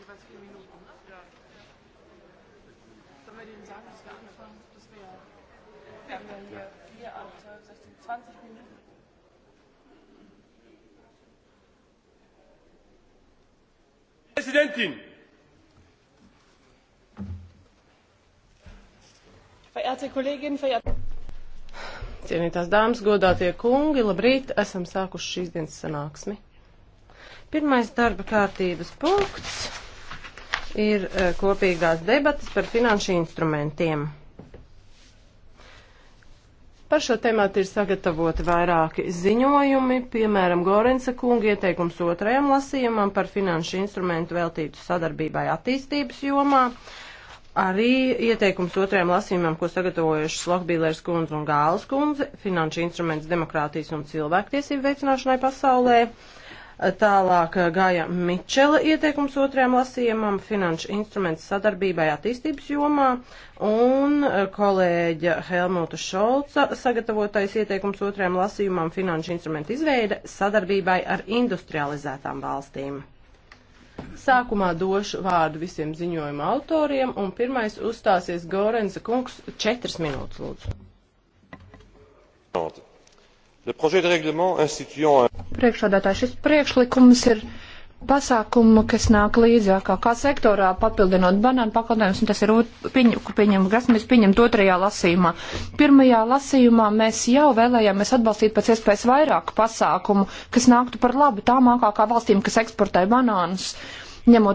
jeweils vier Minuten. Ne? Ja. Sollen wir denen sagen, dass wir angefangen, dass wir, wir haben ja hier vier, acht, sechzehn, zwanzig Minuten. Präsidentin! Verehrte Kolleginnen, verehrte Cienītās dāmas, godātie kungi, labrīt, esam sākuši šīs dienas sanāksmi. Pirmais darba kārtības punkts ir eh, kopīgās debatas par finanšu instrumentiem. Par šo tēmātu ir sagatavoti vairāki ziņojumi, piemēram, Gorensa kunga ieteikums otrajam lasījumam par finanšu instrumentu veltītu sadarbībai attīstības jomā. Arī ieteikums otrajam lasījumam, ko sagatavojuši Slokbīlērs kundze un Gāles kundze, finanšu instruments demokrātijas un cilvēktiesību veicināšanai pasaulē. Uh, Tālāk uh, gāja Mičela ieteikums otrajam lasījumam finanšu instrumentu sadarbībai attīstības jomā un uh, kolēģa Helmuta Šolca sagatavotais ieteikums otrajam lasījumam finanšu instrumentu izveida sadarbībai ar industrializētām valstīm. Sākumā došu vārdu visiem ziņojuma autoriem un pirmais uzstāsies Gorenza kungs četras minūtes lūdzu. Le projet de règlement instituant un priekšādātāji, šis priekšlikums ir pasākumu, kas nāk līdzi kā, kā sektorā, papildinot banānu pakalpojumus, un tas ir, piņ, kur pieņem, kas mēs pieņemt otrajā lasījumā. Pirmajā lasījumā mēs jau vēlējāmies atbalstīt pēc iespējas vairāk pasākumu, kas nāktu par labu tām ākākā valstīm, kas eksportē banānus, ņemot